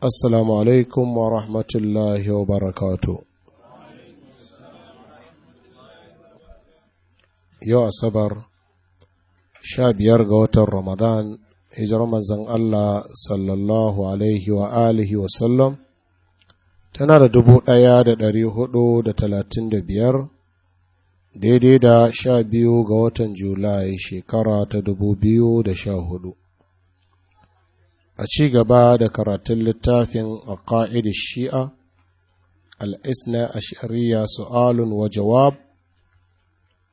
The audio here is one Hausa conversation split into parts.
Assalamu alaikum wa rahmatullahi wa barakatu. Yau Asabar, sha biyar ga watan Ramadan, hijar mazan Allah sallallahu alaihi wa alihi wa sallam, tana da dubu ɗaya da ɗari hudu da talatin da biyar, daidai da sha biyu ga watan Julai shekara ta dubu biyu da sha hudu. a ci gaba da karatun littafin a ƙa'id shi'a al'isna a shari'a su'alun wa jawab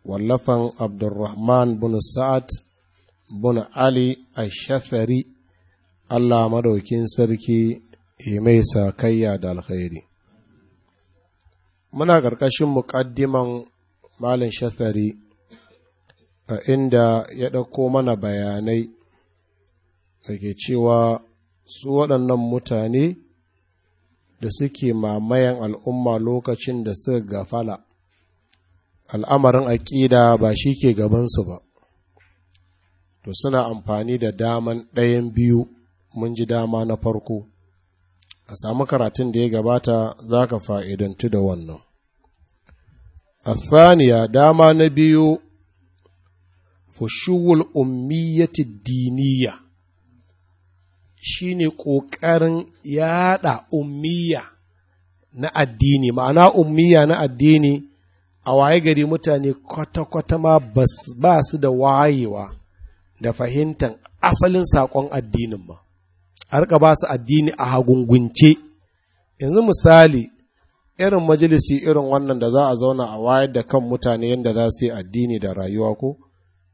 wallafan abdurrahman bin sa'ad bin ali a shafari allah madaukin sarki mai sakayya da alkhairi muna ƙarƙashin muƙaddiman malin shafari a inda ya ɗauko mana bayanai da cewa su waɗannan mutane da suke mamayan al'umma lokacin da suka gafala al'amarin aƙida ba shi ke gabansu ba to suna amfani da daman ɗayan biyu mun ji dama na farko a samu karatun da ya gabata za ka fa'idantu da wannan a saniya dama na biyu fushuwul ummiyyati diniya Shi ne ƙoƙarin yaɗa ummiya na addini ma'ana ummiya na addini a waye gari mutane kwata-kwata ma ba su da wayewa da fahimtar asalin saƙon addinin ma a rika ba su addini a hagungunce yanzu misali irin majalisi irin wannan da za a zauna a wayar da kan mutane yadda za su yi addini da rayuwa ko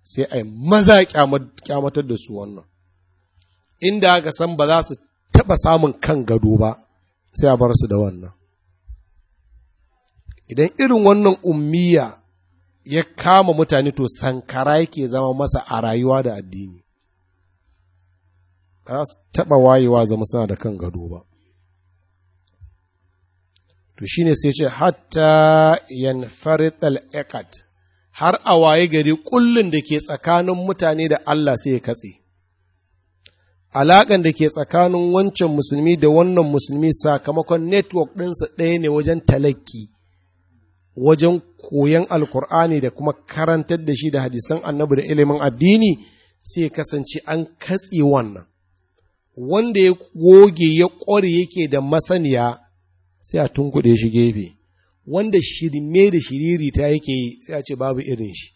sai a yi maza kyamatar da su wannan inda aka san ba za su taba samun kan gado ba sai a bar su da wannan idan irin wannan ummiya ya kama mutane to sankara yake zama masa a rayuwa da addini ba za su taɓa wayewa zama suna da kan gado ba to shine sai ce hatta yan al ekat har a waye gari kullun da ke tsakanin mutane da Allah sai ya katse alaƙan da ke tsakanin wancan musulmi da wannan musulmi sakamakon network ɗinsa ɗaya ne wajen talaki, wajen koyon alkur'ani da kuma karantar da shi da hadisan annabi da ilimin addini sai kasance an katse wannan wanda ya goge ya ƙware yake da masaniya sai a tunkuɗe shi gefe wanda shirme da Shiriri ta yake yi sai a ce babu irin shi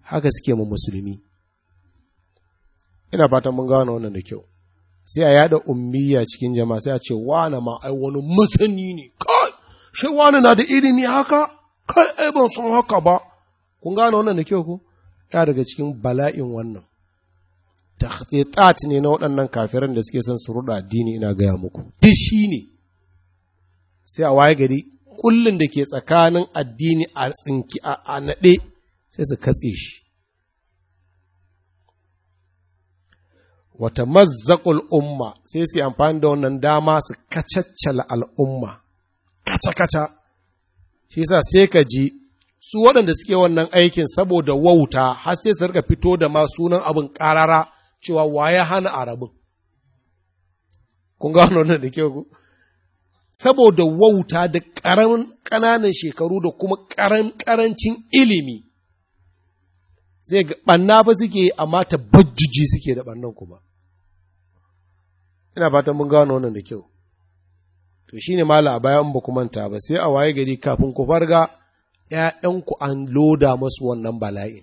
haka suke ma musulmi ina fatan mun gano wannan da kyau sai a yada ummiya cikin jama'a sai a ce wani ma ai wani masani ne kai shi wani na da ilimi haka kai ai ban san haka ba kun gano wannan da kyau ko ya daga cikin bala'in wannan takhtitat ne na waɗannan kafiran da suke son su ruɗa addini ina gaya muku da shi ne sai a waye gari kullun da ke tsakanin addini a tsinki a naɗe sai su katse shi wata mazzakul umma sai su amfani da wannan dama su kacaccala al'umma kaca-kaca shi sa sai ka ji su waɗanda suke wannan aikin saboda wauta har sai su rika fito da ma sunan abin ƙarara cewa ya hana arabin kun gano wannan da ke ku saboda wauta da ƙaramin ƙananan shekaru da kuma ƙarancin ilimi sai ga ɓanna ba suke amma ta suke da ɓannan kuma ina fatan mun gano wannan da kyau to shine mala a bayan ba manta ba sai a waye gari kafin ku farga ‘ya'yanku an loda musu wannan bala'in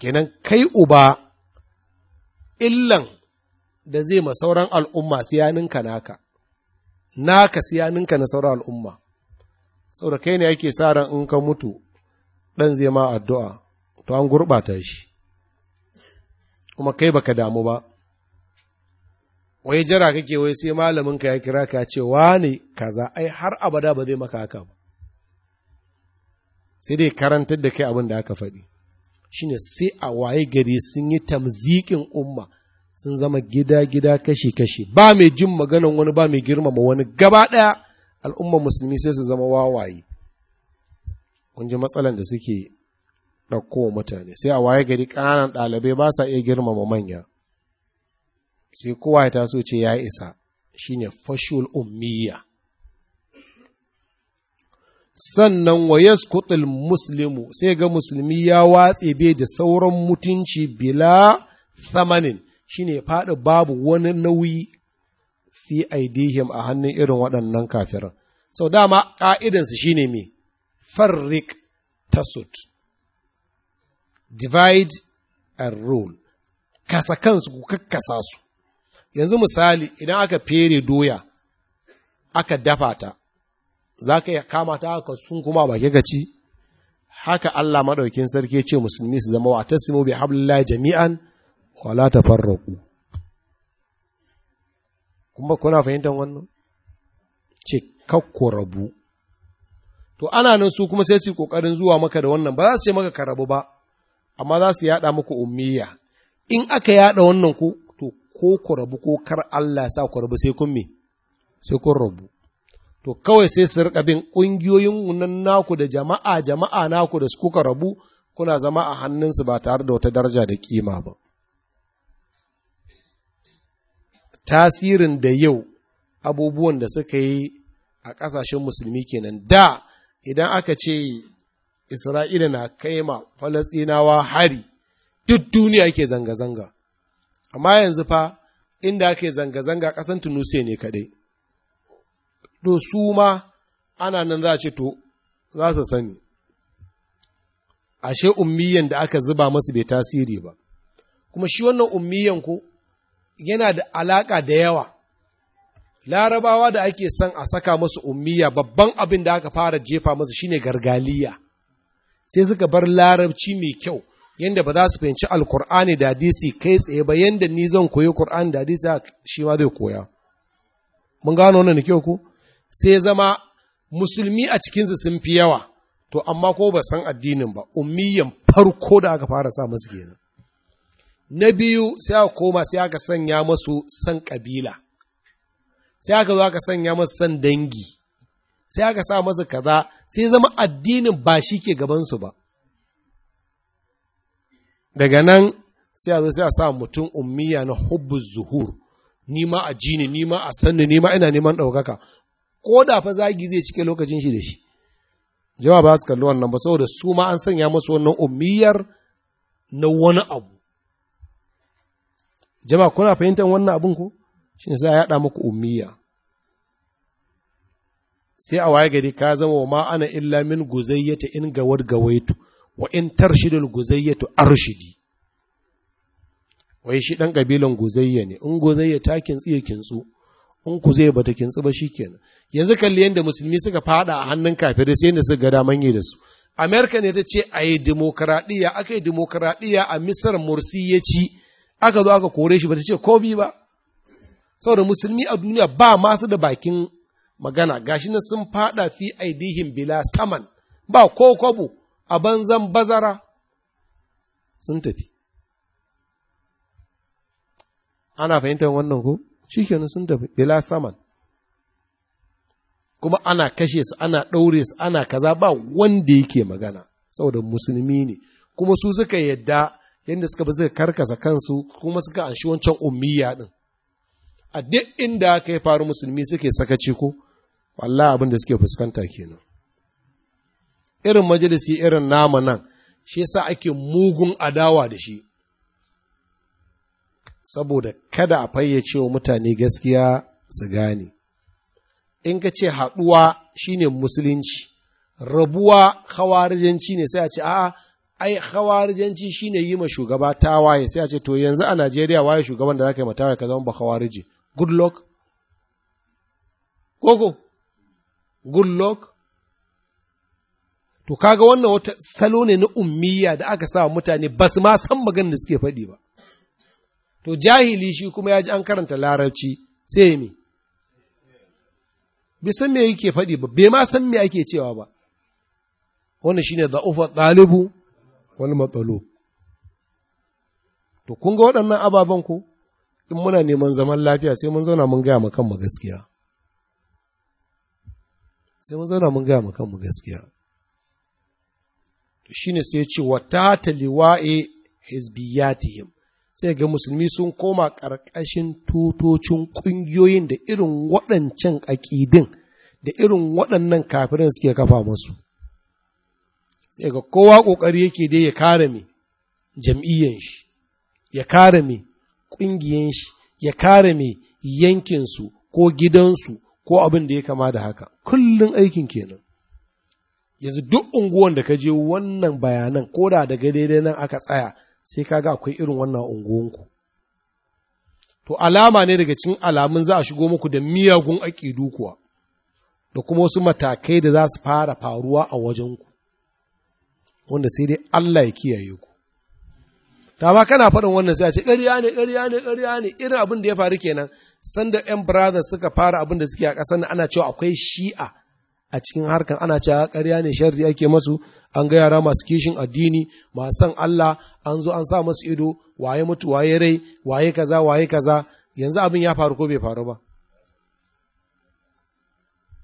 kenan kai uba illan da zai ma sauran al'umma siyaninka naka naka siyaninka na sauran al'umma saboda kai ne ake sa ran in ka mutu ɗan zai ma addu'a to an gurɓata shi kuma kai baka damu ba wai jira kake wai sai malamin ka ya kira ka ce wane kaza ai har abada ba zai maka haka ba sai dai karantar da kai abin da aka faɗi shine sai a waye gari sun yi tamzikin umma sun zama gida-gida kashi-kashi ba mai jin maganan wani ba mai girmama wani gaba ɗaya al'ummar musulmi sai su zama wawaye kun ji matsalan da suke ɗauko mutane sai a waye gari ƙananan ɗalibai ba sa iya girmama manya sai kowa ya taso ce ya isa shine fashul ummiya sannan wa yaskutul muslimu sai ga musulmi ya watse bai da sauran mutunci bila thamanin shine faɗi babu wani nauyi fi aidihim a hannun irin waɗannan kafirin sau dama ƙa'idansu shine mai farrik tasut divide and rule kasa kansu ku kakkasa su yanzu misali idan aka fere doya aka dafa ta za ka yi kama ta aka sun kuma baki ka ci haka Allah maɗaukin sarki ce musulmi su zama wa tasimu bi hablillahi jami'an wala ta ku? kuma kuna fahimtar wannan ce kakko rabu to ana nan su kuma sai su kokarin zuwa maka da wannan ba za su ce maka ka rabu ba amma za su yada muku ummiya in aka yada wannan ku ko ku rabu ko kar Allah sa ku rabu sai kun me sai kun rabu to kawai sai su rika bin ƙungiyoyin nan naku da jama'a jama'a naku da su kuka rabu kuna zama a hannunsu ba tare da wata daraja da kima ba tasirin da yau abubuwan da suka yi a ƙasashen musulmi kenan da idan aka ce isra'ila na kai kaima falasinawa hari duk duniya ke zanga-zanga amma yanzu fa inda ake zanga-zanga ƙasan Tunusiya ne kaɗai. To su ma ana nan za a ce to za su sani. Ashe ummiyan da aka zuba masu bai tasiri ba, kuma shi wannan ummiyan ko yana da alaƙa da yawa. Larabawa da ake son a saka masu ummiya babban abin da aka fara jefa masu shine gargaliya, sai suka bar larabci mai kyau yanda ba za su fahimci alkur'ani da hadisi kai tsaye ba yanda ni zan koyi kur'ani da hadisi shi ma zai koya mun gano wannan da kyau ku sai zama musulmi a cikinsu sun fi yawa to amma ko ba san addinin ba ummiyan farko da aka fara sa masu kenan na biyu sai aka koma sai aka sanya masu san kabila sai aka zo aka sanya masu san dangi sai aka sa masu kaza sai zama addinin ba shi ke gabansu ba daga nan sai a zo sai a sa mutum ummiya na hubbu zuhur ni ma a ji nima a sanni ni ina neman ɗaukaka ko da fa zagi zai cike lokacin shi da shi jama ba su kalli wannan ba saboda su ma an sanya musu wannan ummiyar na wani abu jama kuna fahimtar wannan abun ko shi sai a yaɗa muku ummiya sai a waye gari ka zama wa ma ana illa min guzayyata in gawar gawaitu wa in tarshidul guzayyatu arshidi wai shi dan kabilan guzayya ne in guzayya ta kintsi ya kintsu in ku zai bata kintsu ba shikenan yanzu kalli yanda musulmi suka fada a hannun kafirai sai da suka ga daman yi da su Amerika ne ta ce a yi demokaradiyya aka yi a misar mursi ya ci aka zo aka kore shi ba ta ce ko bi ba saboda musulmi a duniya ba masu da bakin magana gashi nan sun fada fi aidihim bila saman ba ko kwabo a banzan bazara sun tafi. Ana fahimtar wannan ko? Shi kenan sun tafi, bila saman. Kuma ana kashe su, ana ɗaure su, ana kaza ba wanda yake magana, saboda musulmi ne, kuma su suka yadda yadda suka bi suka karkasa kansu kuma suka anshi wancan ummiya ɗin. A duk inda aka yi faru musulmi suke sakaci ko, Allah abin da suke fuskanta kenan. irin majalisi irin nama nan shi yasa ake mugun adawa da shi saboda kada a fayyace wa mutane gaskiya su gane in ka ce haɗuwa shine musulunci rabuwa hawarijanci ne sai a ce a'a ai hawarijanci shine yi ma shugaba tawaye sai a ce to yanzu a Najeriya waye shugaban da zaka yi waye ka zama ba kawarji good good luck To kaga wannan wata salo ne na ummiya da aka sa mutane ba su ma san maganar da suke faɗi ba. To jahili shi kuma ya ji an karanta larabci sai me? Bai san me yake faɗi ba, bai ma san me ake cewa ba. Wannan shine ufa ɗalibu wani matsalo. To kun ga waɗannan ababen ko? In muna neman zaman lafiya sai mun zauna mun gaya ma kanmu gaskiya. Sai mun zauna mun gaya ma kanmu gaskiya. shine sai ce wa ta taliwa'i hizbiyatihim sai ga musulmi sun koma ƙarƙashin tutocin ƙungiyoyin da irin waɗancan aƙidin da irin waɗannan kafirin suke kafa masu. sai ga kowa ƙoƙari yake dai ya kare mai jam'iyyar shi ya kare mai ƙungiyar shi ya kare mai yankinsu ko gidansu ko abin da ya kama da haka kullum aikin kenan yanzu duk unguwan da ka je wannan bayanan ko da daga daidai nan aka tsaya sai ka ga akwai irin wannan unguwanku to alama ne daga cikin alamun za a shigo muku da miyagun aƙidu kuwa da kuma wasu matakai da za su fara faruwa a wajenku wanda sai dai Allah ya kiyaye ku ta ma kana faɗin wannan sai a ce ƙarya ne ƙarya ne ƙarya ne irin abin da ya faru kenan sanda 'yan brothers suka fara abin da suke a ƙasar ana cewa akwai shi'a a cikin harkar ana cewa ƙarya ne sharri ake masu an ga yara masu kishin addini masu san Allah an zo an sa masu ido waye mutu waye rai waye kaza waye kaza yanzu abin ya faru ko bai faru ba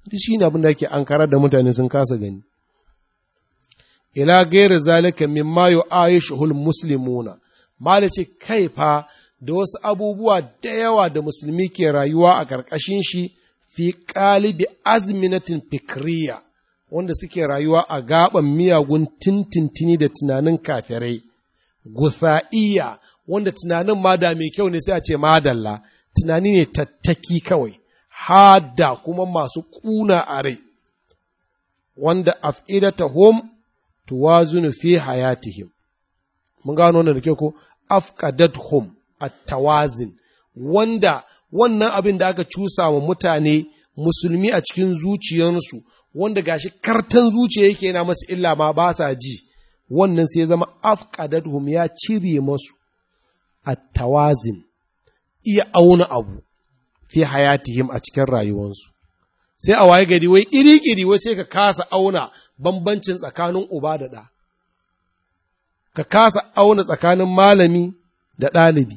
duk shi ne abin da yake an karar da mutane sun kasa gani ila gairi zalika mimma yu'ayishuhul muslimuna malace kai fa da wasu abubuwa da yawa da musulmi ke rayuwa a ƙarƙashin shi fi ƙalibi azminatin fikriya wanda suke rayuwa a gaban miyagun tintintini da tunanin kafirai, gusa'iya wanda tunanin ma da mai kyau ne sai a ce madalla, tunani ne tattaki kawai, hada kuma masu ƙuna a rai, wanda hom tuwazunu fi hayatihim. Mun gano wannan da kyau ko hom at-tawazin wanda wannan abin da aka cusa wa mutane musulmi a cikin zuciyarsu wanda gashi kartan zuciya yake yana masu illa ma ba sa ji wannan sai zama afqadatuhum ya cire masu at-tawazin iya auna abu fi hayatihim a cikin rayuwarsu sai a waye gari wai iri-iri wai sai ka kasa auna bambancin tsakanin uba da ɗa ka kasa auna tsakanin malami da ɗalibi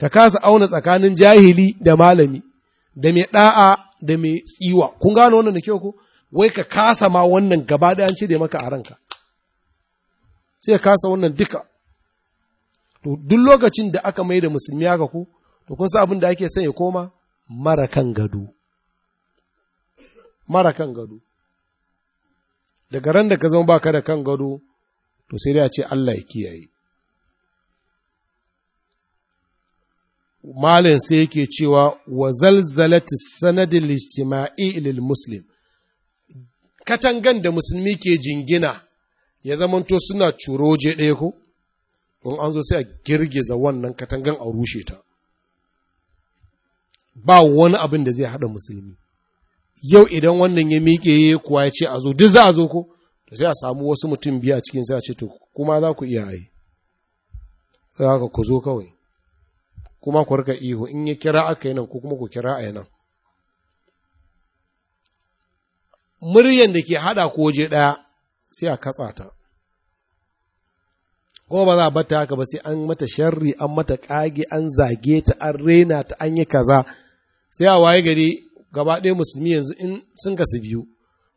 ka kasa auna tsakanin jahili da malami da mai ɗa'a da mai tsiwa kun gano wannan da kyau ko wai ka kasa ma wannan gaba da da maka a ranka sai ka kasa wannan duka to duk lokacin da aka mai da musulmi haka ku to kun sa abin da ake sanya ya koma mara kan gado mara kan gado daga ran da ka zama baka da kan gado to sai dai a ce Allah ya kiyaye malin sai yake cewa wa zalzalati sanadin ijtima'i lil muslim katangan da musulmi ke jingina ya zamanto suna curoje ɗaya ko in an zo sai a girgiza wannan katangan a rushe ta ba wani abin da zai haɗa musulmi yau idan wannan ya miƙe ya kuwa ya ce a zo duk za a zo ko to sai a samu wasu mutum biyu a cikin sai a ce to kuma za ku iya yi sai haka ku zo kawai kuma ku rika ihu in ya kira aka yi nan ko kuma ku kira a nan muryan da ke haɗa ko waje ɗaya sai a katsa ta ko ba za a bata haka ba sai an mata sharri an mata ƙage an zage ta an rena ta an yi kaza sai a waye gari gaba ɗaya musulmi yanzu in sun kasu biyu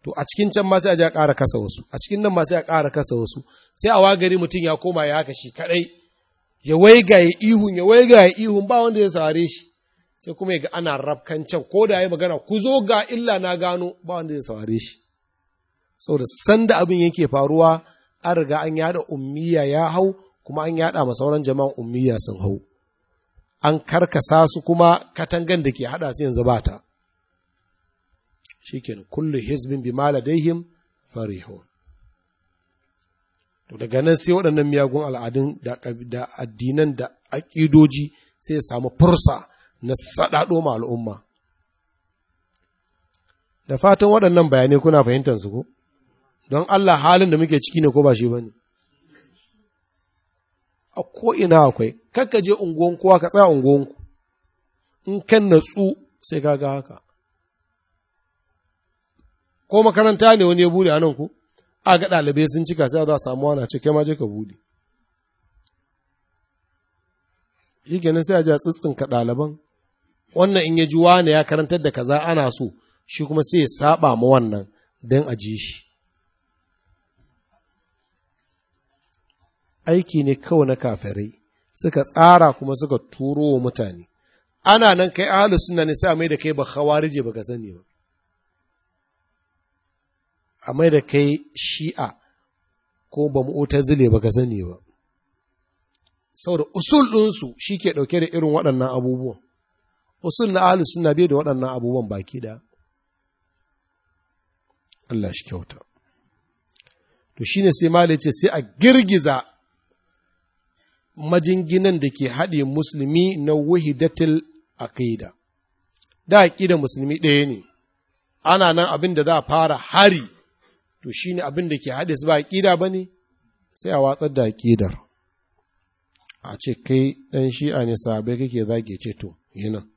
to a cikin can ma sai a ji a ƙara kasa wasu a cikin nan ma sai a ƙara kasa wasu sai a waye gari mutum ya koma ya haka shi kaɗai ya ga ya ihun ya ga ya ihun ba wanda ya saware shi sai kuma ya ga ana rafkan can ko da ya magana ku zo ga illa na gano ba wanda ya saware shi saboda sanda abin yake faruwa an riga an yada ummiya ya hau kuma an yada ma sauran jama'an ummiya sun hau an karkasa su kuma katangan da ke hada su yanzu bata shikin kullu hizbin bima ladaihim farihun to daga nan sai waɗannan miyagun al'adun da addinan da aƙidoji sai ya samu fursa na saɗaɗo ma al'umma da fatan waɗannan bayanai kuna fahimtar su ko don Allah halin da muke ciki ne ko ba shi ba ne a ko'ina akwai kakka je unguwan kowa ka tsaya unguwanku in kan natsu sai ka ga haka ko makaranta ne wani ya bude a nan ku a ga ɗalibai sun cika sai za a samu wani ce kai ma je ka buɗe shi kenan sai a ji a ka ɗaliban wannan in ya ji wani ya karantar da kaza ana so shi kuma sai ya saba ma wannan don a ji shi aiki ne kawai na kafirai suka tsara kuma suka turo wa mutane ana nan kai ahalus suna ne sai mai da kai ba khawarije baka sani ba a mai da kai shi'a ko ba ota zile ba ka sani ba saboda usul ɗinsu shi ke ɗauke da irin waɗannan abubuwan usul na ahalus suna bai da waɗannan abubuwan baki da Allah shi kyauta to shine sai mali ce sai a girgiza majinginan da ke haɗe musulmi na a aqida da aqida musulmi ɗaya ne ana nan abin da za a fara hari to shi ne abin da ke haɗe su ba ƙida ba ne sai a watsar da ƙidar a ce kai ɗan shi'a ne sabai kake zage ce to yinan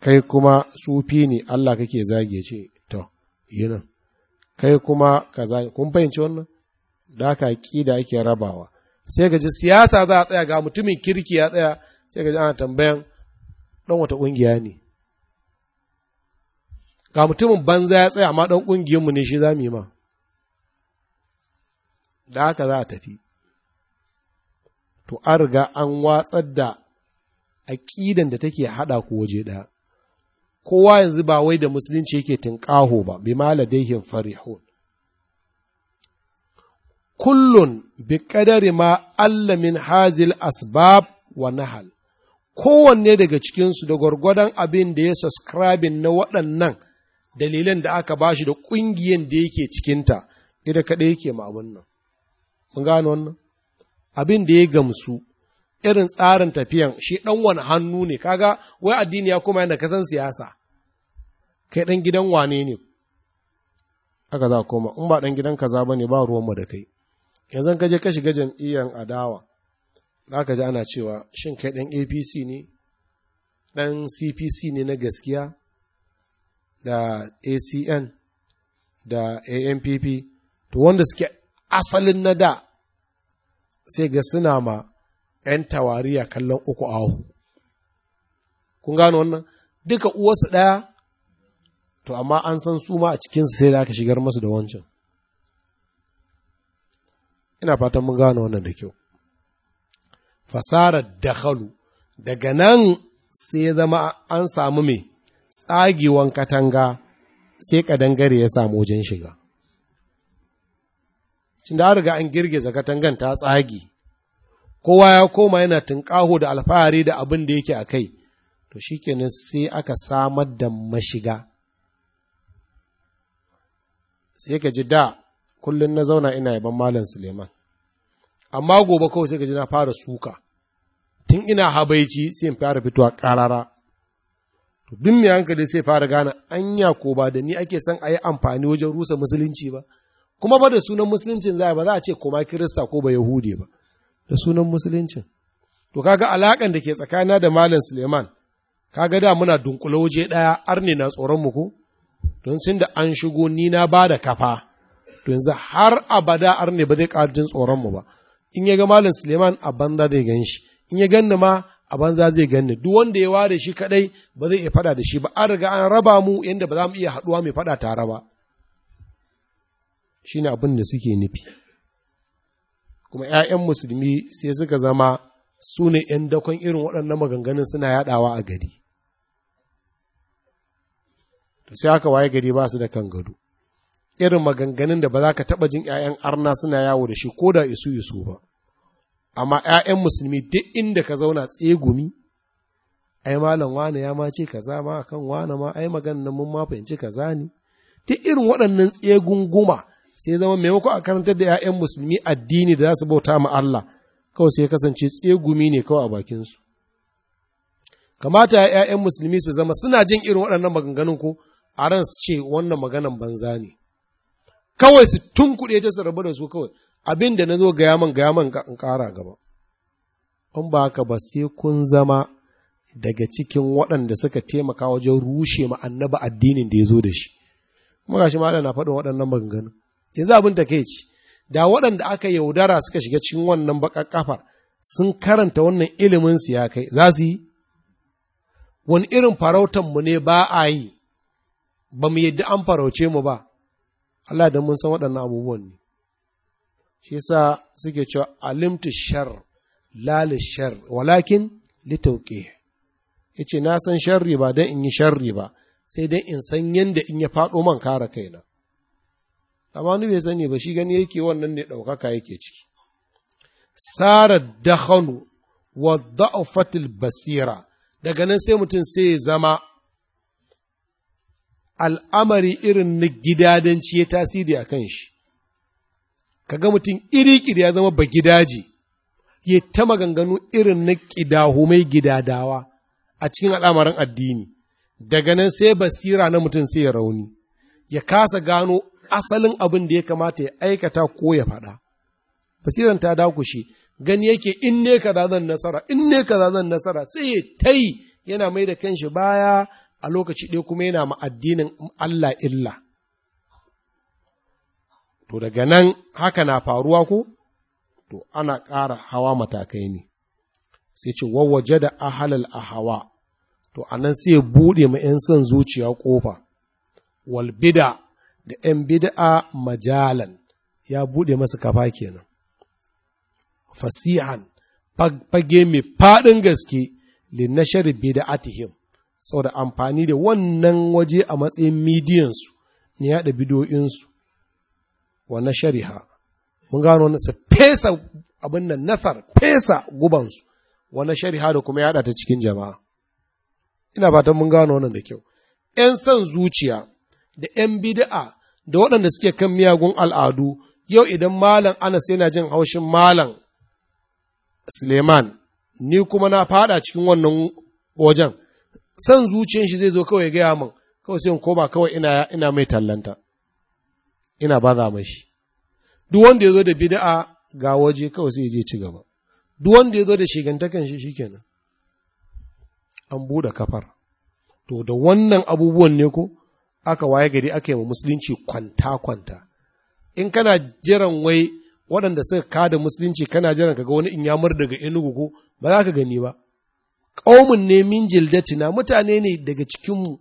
kai kuma sufi ne Allah kake zage ce to yinan kai kuma ka zage kun fahimci wannan da ka ƙida ake rabawa sai ka ji siyasa za a tsaya ga mutumin kirki ya tsaya sai ka ji ana tambayan ɗan wata ƙungiya ne ga mutumin banza ya tsaya amma ɗan ƙungiyarmu ne shi za mu yi ma da haka za a tafi to an riga an watsar da aƙidan da take haɗa ku waje ɗaya kowa yanzu ba wai da musulunci yake tunƙaho ba bi maladaihin farihun kullun bi ƙadari ma Allah min hazil asbab wa nahal kowanne daga cikinsu da gwargwadon abin da ya subscribing na waɗannan dalilan da aka bashi da ƙungiyan da yake cikinta ita kaɗai yake ma nan mun gano wannan abin da ya gamsu irin tsarin tafiyan shi ɗan wani hannu ne kaga wai addini ya kuma yana kasan siyasa kai ɗan gidan wane ne aka za koma in ba ɗan gidan kaza ba ne ba ruwanmu da kai yanzu ka je ka shiga jam'iyyan adawa za ka ji ana cewa shin kai ɗan apc ne ɗan cpc ne na gaskiya da acn da ampp to wanda suke asalin na da sai ga suna ma ‘yan tawariya kallon uku ahu. Kun gano wannan? Duka uwarsu ɗaya, to amma an san su ma a cikinsu sai da aka shigar masu da wancan. Ina fatan mun gano wannan da kyau. Fasarar dakhalu daga nan sai zama an samu mai tsagewan katanga sai kadangare ya samu wajen shiga. Shin da riga an girgiza katangan ta tsagi, kowa ya koma yana tunƙaho da alfahari da abin da yake a kai, to shi sai aka samar da mashiga. Sai ka ji da kullum na zauna ina yaban Malam Suleiman, amma gobe kawai sai ka ji na fara suka, tun ina habaici sai in fara fitowa ƙarara. duk mai hankali sai fara gane anya ko ba da ni ake son a yi amfani wajen rusa musulunci ba kuma ba da sunan musuluncin za ba za a ce koma kirista ko ba yahudi ba da sunan musuluncin to kaga alakan da ke tsakana da malam suleiman kaga da muna dunkule waje daya arne na tsoron mu ko don sun da an shigo ni na ba da kafa to yanzu har abada arne ba zai ƙara tsoron mu ba in ya ga malam suleiman a banza zai gan shi in ya ganni ma a banza zai ganni duk wanda ya ware shi kadai ba zai iya fada da shi ba an riga an raba mu yanda ba za mu iya haduwa mai fada tare ba shi ne abin da suke nufi kuma 'ya'yan musulmi sai suka zama su ne 'yan dakon irin waɗannan maganganun suna yaɗawa a gari to sai aka waye gari ba su da kan gado irin maganganun da ba za ka taɓa jin 'ya'yan arna suna yawo da shi ko da isu isu ba amma 'ya'yan musulmi duk inda ka zauna tsegumi ai malam wane ya ma ce kaza ma akan wane ma ai maganan mun ma fahimci kaza ne duk irin waɗannan tsegunguma sai zama maimako a karantar da 'ya'yan musulmi addini da za su bauta ma Allah kawai sai kasance tsegumi ne kawai a bakinsu kamata 'ya'yan musulmi su zama suna jin irin waɗannan maganganun ko a ran su ce wannan maganan banza ne kawai su tunkuɗe ta su rabu da su kawai abin da na zo gaya man gaya man in ƙara gaba in ba haka ba sai kun zama daga cikin waɗanda suka taimaka wajen rushe ma'annaba addinin da ya zo da shi kuma gashi ma na faɗin waɗannan maganganun yanzu abin da kai ci da waɗanda aka yaudara suka shiga cikin wannan baƙar kafar sun karanta wannan ilimin su ya kai za su yi wani irin farautan mu ne ba a yi ba mu yadda an farauce mu ba Allah da mun san waɗannan abubuwan ne shi yasa suke cewa alimtu shar lal shar walakin litauqih yace na san sharri ba dan in yi sharri ba sai don in san yadda in ya faɗo man kare kaina amma ni bai sani ba shi gani yake wannan ne ɗaukaka yake ciki sarar dakhanu wa da'afatil basira daga nan sai mutum sai ya zama al'amari irin na gidadanci ya tasiri a kan shi kaga mutum iri ya zama ba gidaji ya ta maganganu irin na mai gidadawa a cikin al'amarin addini daga nan sai basira na mutum sai ya rauni ya kasa gano asalin abin da ya kamata ya aikata ko ya faɗa basiran ta dakushe gani yake in ne kaza zan nasara in ne kaza zan nasara sai ta yi yana mai da kanshi baya a lokaci ɗaya kuma yana ma addinin Allah illa to daga nan haka na faruwa ko to ana ƙara hawa matakai ne sai ce wawaje da ahalal a hawa to anan sai ya buɗe ma 'yan son zuciya ƙofa walbida da ‘yan bid'a majalan ya buɗe masa kafa kenan. Fasihan fage mai faɗin gaske linnashar bid'atihim saboda amfani da wannan waje a matsayin midiyansu ne yaɗa bidoyinsu wa na Mun gano su fesa abin nan nasar fesa gubansu wa na shariha da kuma yaɗa ta cikin jama'a. Ina fatan mun gano wannan da kyau. ‘Yan son zuciya’ da ‘yan bida'a da waɗanda suke kan miyagun al'adu yau idan malam anas yana jin haushin malam suleiman ni kuma na faɗa cikin wannan wajen san zuciyan shi zai zo kawai gaya min kawai sai in koma kawai ina mai tallanta ina ba za mai shi duk wanda ya zo da bida'a ga waje kawai sai ya je ci gaba duk wanda ya zo da shigantakan shi shikenan an buɗe kafar to da wannan abubuwan ne ko aka waye gari aka yi wa musulunci kwanta-kwanta in kana jiran wai waɗanda suka kada musulunci kana jiran kaga wani in yamur daga enugu ko ba za ka gani ba ƙaumin ne min jildatina mutane ne daga cikinmu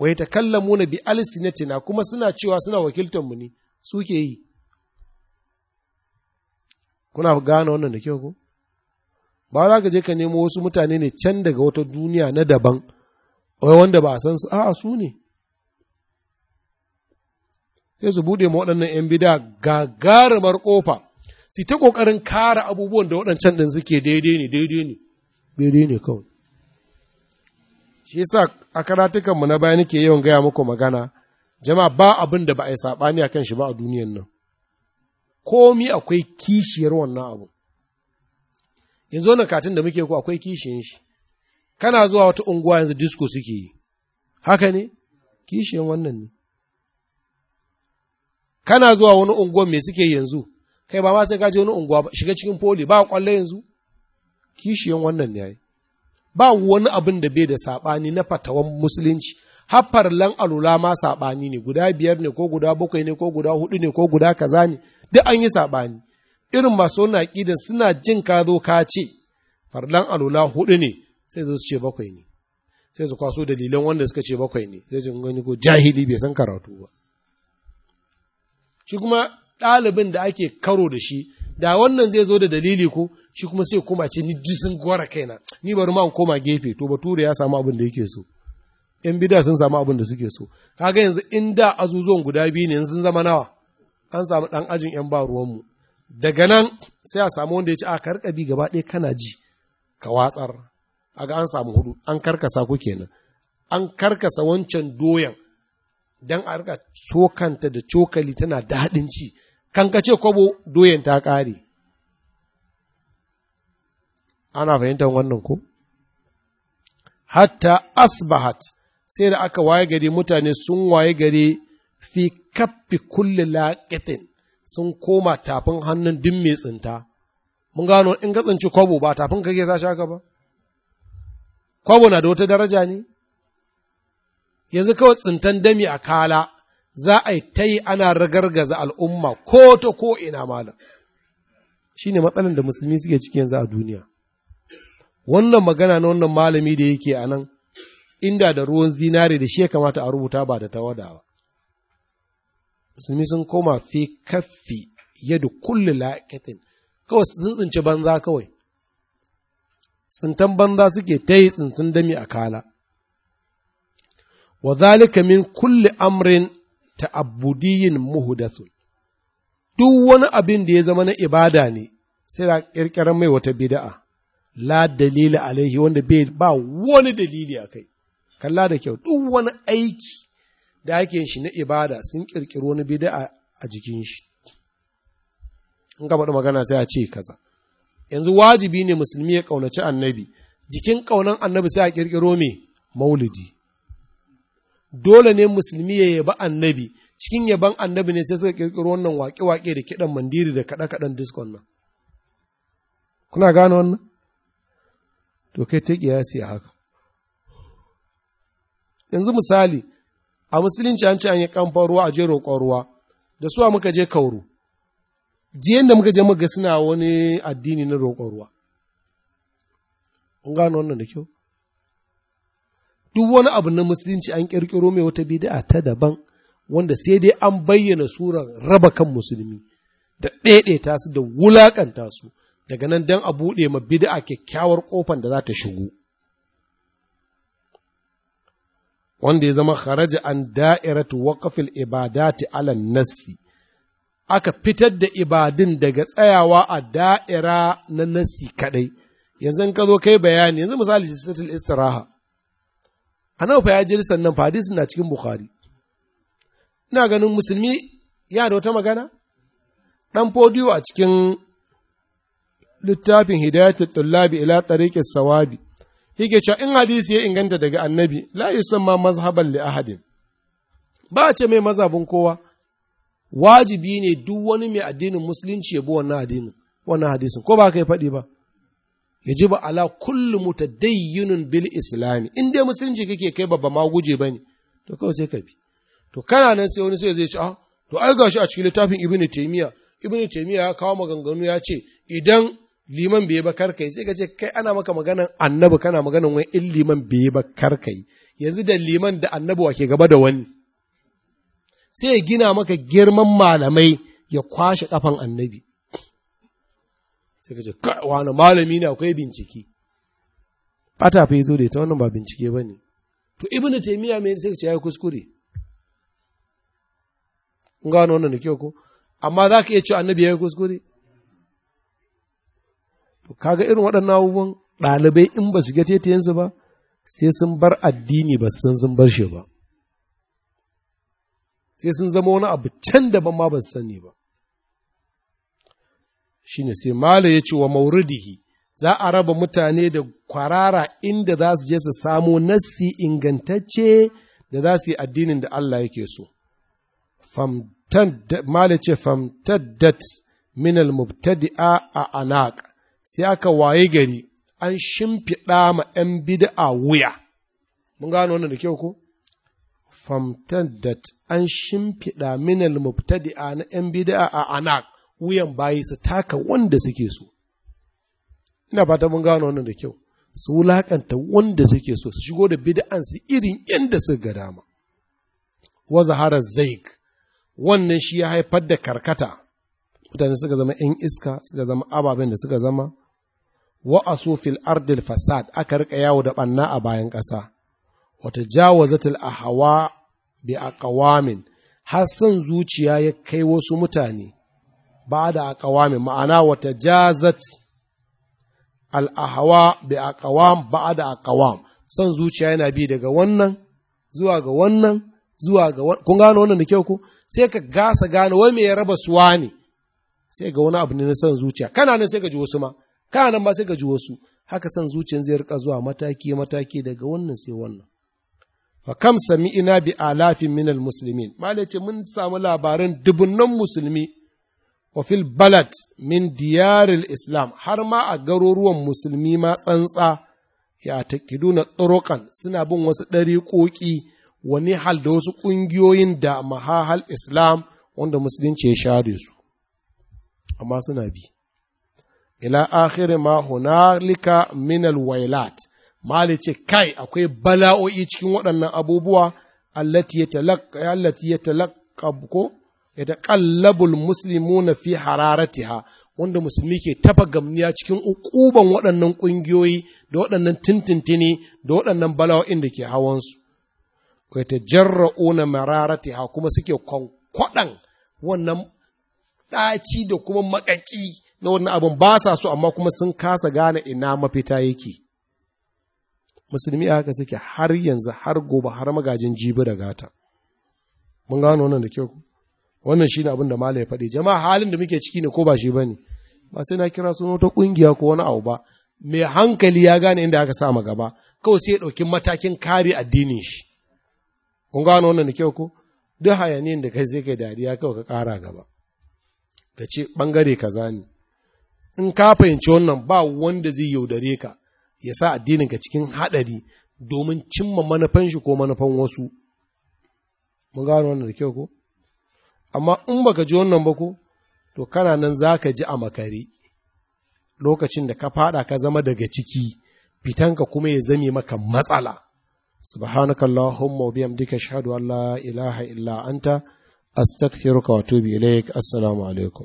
wai ta kallamu na bi alisinatina kuma suna cewa suna wakiltanmu ne suke yi kuna gane wannan da kyau ko ba za ka je ka nemo wasu mutane ne can daga wata duniya na daban wai wanda ba a san su a'a su ne sai su buɗe ma waɗannan 'yan bida gagarumar ƙofa su ta ƙoƙarin kare abubuwan da waɗancan ɗin suke daidai ne daidai ne daidai ne kawai shi sa a karatukanmu na baya nake yawan gaya muku magana jama'a ba abin da ba a yi saɓani a kan shi ba a duniyan nan komi akwai kishiyar wannan abu yanzu wannan katin da muke ku akwai kishiyan shi kana zuwa wata unguwa yanzu disko suke yi haka ne kishiyan wannan ne kana zuwa wani unguwa me suke yanzu kai ba ma sai ka je wani unguwa ba shiga cikin poli ba kwallo yanzu kishiyan wannan ne yayi ba wani abin da bai da sabani na fatawan musulunci lan alula ma sabani ne guda biyar ne ko guda bakwai ne ko guda hudu ne ko guda kaza ne duk an yi sabani irin masu wannan aqidan suna jin ka zo ka ce farlan alula hudu ne sai zo su ce bakwai ne sai su kwaso dalilan wanda suka ce bakwai ne sai su gani ko jahili bai san karatu ba shi kuma ɗalibin da ake karo da shi da wannan zai zo da dalili ko shi kuma sai koma ce ni disin gwara kaina ni bari ma koma gefe to bature ya samu abin da yake so yan bida sun samu abin da suke so kaga yanzu in da azuzuwan guda biyu ne sun zama nawa an samu dan ajin yan ba ruwanmu daga nan sai a samu wanda ya ci a karka bi gaba ɗaya kana ji ka watsar aga an samu hudu an karkasa ku kenan an karkasa wancan doyan don a rika sokanta da cokali tana daɗin ci kan ka ce kwabo doyen ta ƙare ana fahimtar wannan ko hatta asbahat sai da aka waye gari mutane sun waye gari fi kaffi kulli laqitin sun koma tafin hannun duk mai tsinta mun gano in ka tsinci kwabo ba tafin kake sa shaka ba kwabo na da wata daraja ne yanzu kawai tsintan dami a kala za a yi ta yi ana ragargaza al'umma ko ta ko ina malam shi ne matsalan da musulmi suke ciki yanzu a duniya wannan magana na wannan malami da yake a nan inda da ruwan zinare da shi ya kamata a rubuta ba da tawada ba musulmi sun koma fi kaffi yadda kulle la'akatin kawai sun tsinci banza kawai tsintan banza suke ta yi dami a kala wa zalika min kulli amrin ta'abbudiyin muhdathun duk wani abin da ya zama na ibada ne sai da ƙirƙirar mai wata bid'a la dalila alaihi wanda bai ba wani dalili a kai. kalla da kyau duk wani aiki da ake shi na ibada sun ƙirƙiro wani bid'a a jikin shi in ka faɗi magana sai a ce kaza yanzu wajibi ne musulmi ya ƙaunaci annabi jikin ƙaunan annabi sai a kirkiro mai maulidi dole ne musulmi ya yaba annabi cikin yaban annabi ne sai suka kirkiro wannan waƙe-waƙe da kiɗan mandiri da kaɗe-kaɗen diskon nan kuna gane wannan to kai ta ya a haka yanzu misali a musulunci an ce an yi kamfan ruwa a je roƙon ruwa da suwa muka je kauru jiyan da muka je muka suna wani addini na roƙon ruwa kun gano wannan da kyau duk wani abu na musulunci an ƙirƙiro mai wata bid'a ta daban wanda sai dai an bayyana surar raba kan musulmi da ɗaiɗaita su da wulaƙanta su daga nan don a buɗe ma bid'a kyakkyawar ƙofan da za ta shigo wanda ya zama kharaja an da'iratu waqfil ibadati ala nassi aka fitar da ibadin daga tsayawa a da'ira na nassi kadai yanzu ka zo kai bayani yanzu misali sistatul istiraha nan fa ya je sannan fa hadisin na cikin bukhari ina ganin musulmi ya da wata magana dan fodiyo a cikin littafin hidayatul tullabi ila tariqis sawabi yake cewa in hadisi ya inganta daga annabi la yusamma mazhaban li ahadin ba a ce mai mazhabin kowa wajibi ne duk wani mai addinin musulunci ya bi wannan addinin wannan hadisin ko ba ka yi faɗi ba yajibu ala kullu mutadayyinun bil islami in dai musulunci kake kai babba ma guje bane to kawai sai ka bi to kana nan sai wani sai zai ce ah to ai gashi a cikin littafin ibnu taymiya ibnu taymiya ya kawo maganganu ya ce idan liman bai ba karkai sai ka ce kai ana maka maganan annabi kana maganan wani in liman bai ba karkai yanzu da liman da annabi wake ke gaba da wani sai ya gina maka girman malamai ya kwashe kafan annabi sai ka ce wani malami ne akwai bincike fata fa zo da ita wannan ba bincike ba ne to ibn taimiya mai sai ka ce yi kuskure in gano wannan da kyau ko amma za ka iya cewa annabi ya yi kuskure to kaga irin waɗannan abubuwan ɗalibai in ba su ga yansu ba sai sun bar addini ba san sun bar shi ba sai sun zama wani abu can daban ma ba su sani ba ne sai malo ya ce wa mauridihi za a raba mutane da kwarara inda za su je su samo nassi ingantacce da za su yi addinin da Allah yake so. Mala ce famtaddat minal mubtadi'a a anak sai aka waye gari an shimfiɗa ma ‘yan bid'a wuya. Mun gano wannan da kyau ko? Famtaddat an shimfiɗa minal mubtadi'a na ‘yan bid'a a anak wuyan bayi su taka wanda suke so ina fata mun gano wannan da kyau su wulakanta wanda suke so su shigo da bid'an su irin inda suka ga dama wa zahara zaik wannan shi ya haifar da karkata mutane suka zama ‘yan iska suka zama ababen da suka zama wa asu fil ardil fasad aka rika yawo da ɓanna a bayan ƙasa wata jawazatil ahawa bi aqwamin har san zuciya ya kai wasu mutane Ba'ada a akawami ma'ana wata jazat al'ahawa bi kawam ba da kawam son zuciya yana bi daga wannan zuwa ga wannan zuwa ga wannan kun gano wannan da kyau ku sai ka gasa gano wai me ya raba suwa ne sai ga wani abu ne na son zuciya kana nan sai ka ji wasu ma kana nan ma sai ka ji wasu haka son zuciyan zai rika zuwa mataki mataki daga wannan sai wannan fa kam ina bi alafin minal muslimin malai ce mun samu labarin dubunnan musulmi wa fil min diyaril islam har ma a garuruwan musulmi ma tsantsa ya takiduna tsorokan suna bin wasu ɗariƙoƙi wani hal da wasu ƙungiyoyin da mahahal islam wanda musulunci ya share su amma suna bi ila akhiri ma hunalika min alwailat mali ce kai akwai bala'o'i cikin waɗannan abubuwa allati yatalaqqa allati yatalaqqa ko ya taqallabul muslimuna fi hararatiha wanda musulmi ke tafa gamniya cikin ƙuban waɗannan ƙungiyoyi da waɗannan tintintini da waɗannan bala'o'in da ke hawansu kai ta jarra'una mararatiha kuma suke kwankwaɗan wannan ɗaci da kuma maƙaƙi na wannan abin ba sa su amma kuma sun kasa gane ina mafita yake musulmi a haka suke har yanzu har gobe har magajin jibi da gata mun gano wannan da kyau wannan shine abin da malai faɗi jama'a halin da muke ciki ne ko ba shi bane ba sai na kira sunan wata kungiya ko wani abu ba mai hankali ya gane inda aka sama gaba kawai sai ya ɗauki matakin kare addinin shi kun gano wannan da kyau ko duk hayaniyin da kai sai kai dariya kawai ka ƙara gaba ka ce ɓangare kaza ne in ka fahimci wannan ba wanda zai yaudare ka ya sa addininka cikin haɗari domin cimma manufan shi ko manufan wasu mun gano wannan da kyau ko amma in baka ji wannan ba ko to kana nan za ka ji a makare lokacin da ka fada ka zama daga ciki fitanka kuma ya zame maka matsala subhanaka allahumma wa bihamdika ashhadu an la ilaha illa anta astaghfiruka wa atubu ilaik assalamu alaikum